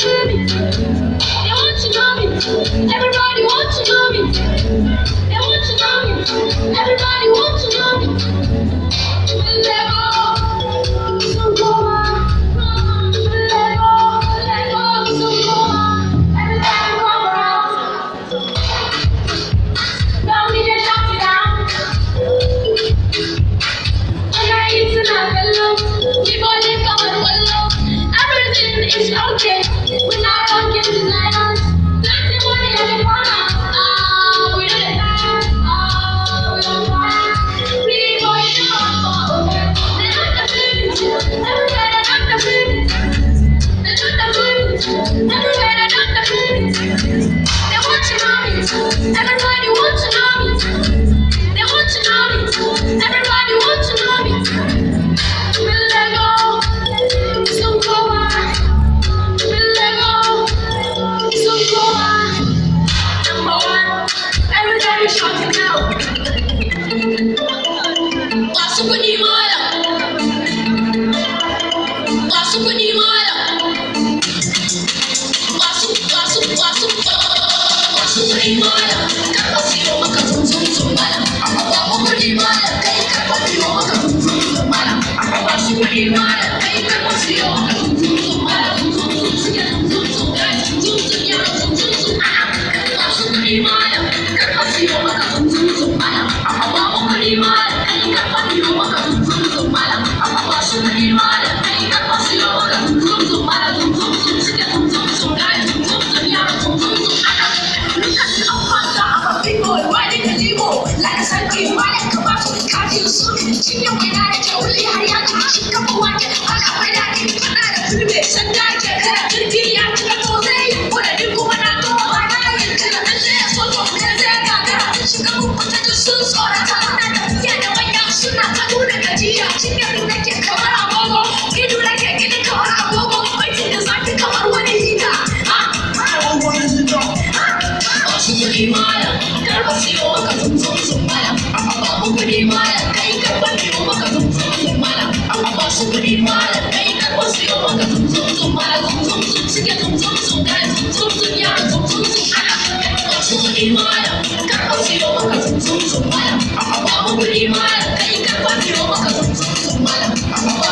They want to know me. Everybody. It's okay. We're not going tonight. Tunay mo alam Kapag sino magkasunsun-sun alam Ang mga mo tunay mo alam Kaya kapag sino magkasunsun-sun alam Ang mga tunay mo alam Kaya kapag sino magkasunsun-sun alam Sunsun-sun yan, sunsun yan Sunsun yan, mo alam Kapag sino magkasunsun-sun alam mo tunay mo alam Kaya kapag sino magkasunsun-sun san biyu malam ka ba su kafin su cinye da har ya tafi shi kafa wake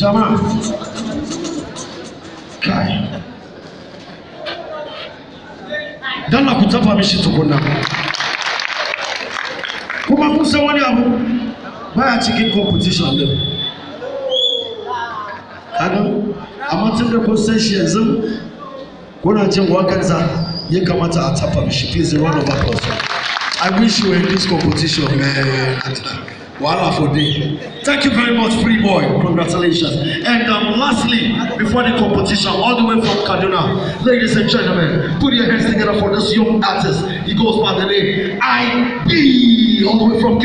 jama'a kai don na ku tafa mishi tukuna kuma kun san wani abu ba cikin competition din kanan amma tun da kun san shi yanzu kuna jin wakarsa ya kamata a tafa mishi please run over person i wish you were in this competition man Wahala for day. Thank you very much, Free Boy. Congratulations. And um, lastly, before the competition, all the way from Kaduna, ladies and gentlemen, put your hands together for this young artist. He goes by the name IB, all the way from Kaduna.